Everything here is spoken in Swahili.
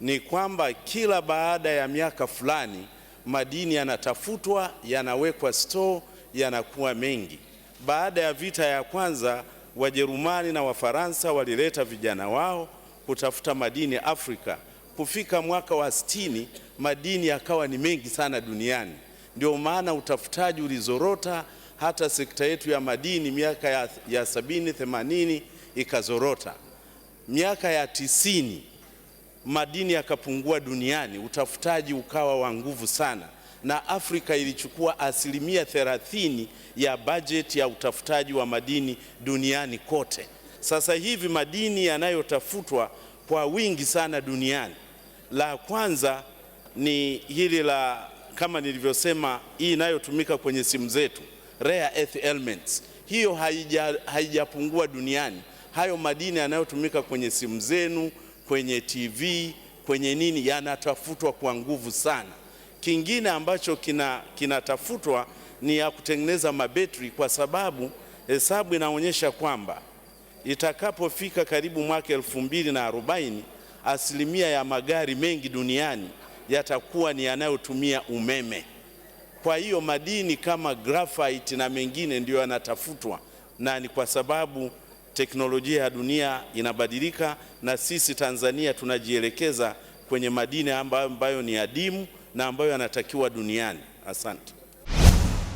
ni kwamba kila baada ya miaka fulani madini yanatafutwa, yanawekwa store, yanakuwa mengi. Baada ya vita ya kwanza, Wajerumani na Wafaransa walileta vijana wao kutafuta madini Afrika. Kufika mwaka wa sitini, madini yakawa ni mengi sana duniani, ndio maana utafutaji ulizorota. Hata sekta yetu ya madini miaka ya, ya sabini themanini ikazorota. Miaka ya tisini madini yakapungua duniani, utafutaji ukawa wa nguvu sana, na Afrika ilichukua asilimia thelathini ya bajeti ya utafutaji wa madini duniani kote. Sasa hivi madini yanayotafutwa kwa wingi sana duniani, la kwanza ni hili la kama nilivyosema, hii inayotumika kwenye simu zetu rare earth elements, hiyo haijapungua haija duniani. Hayo madini yanayotumika kwenye simu zenu kwenye TV, kwenye nini, yanatafutwa kwa nguvu sana. Kingine ambacho kinatafutwa ni ya kutengeneza mabetri, kwa sababu hesabu inaonyesha kwamba itakapofika karibu mwaka elfu mbili na arobaini asilimia ya magari mengi duniani yatakuwa ni yanayotumia umeme. Kwa hiyo madini kama graphite na mengine ndiyo yanatafutwa, na ni kwa sababu teknolojia ya dunia inabadilika na sisi Tanzania tunajielekeza kwenye madini ambayo, ambayo ni adimu na ambayo yanatakiwa duniani. Asante.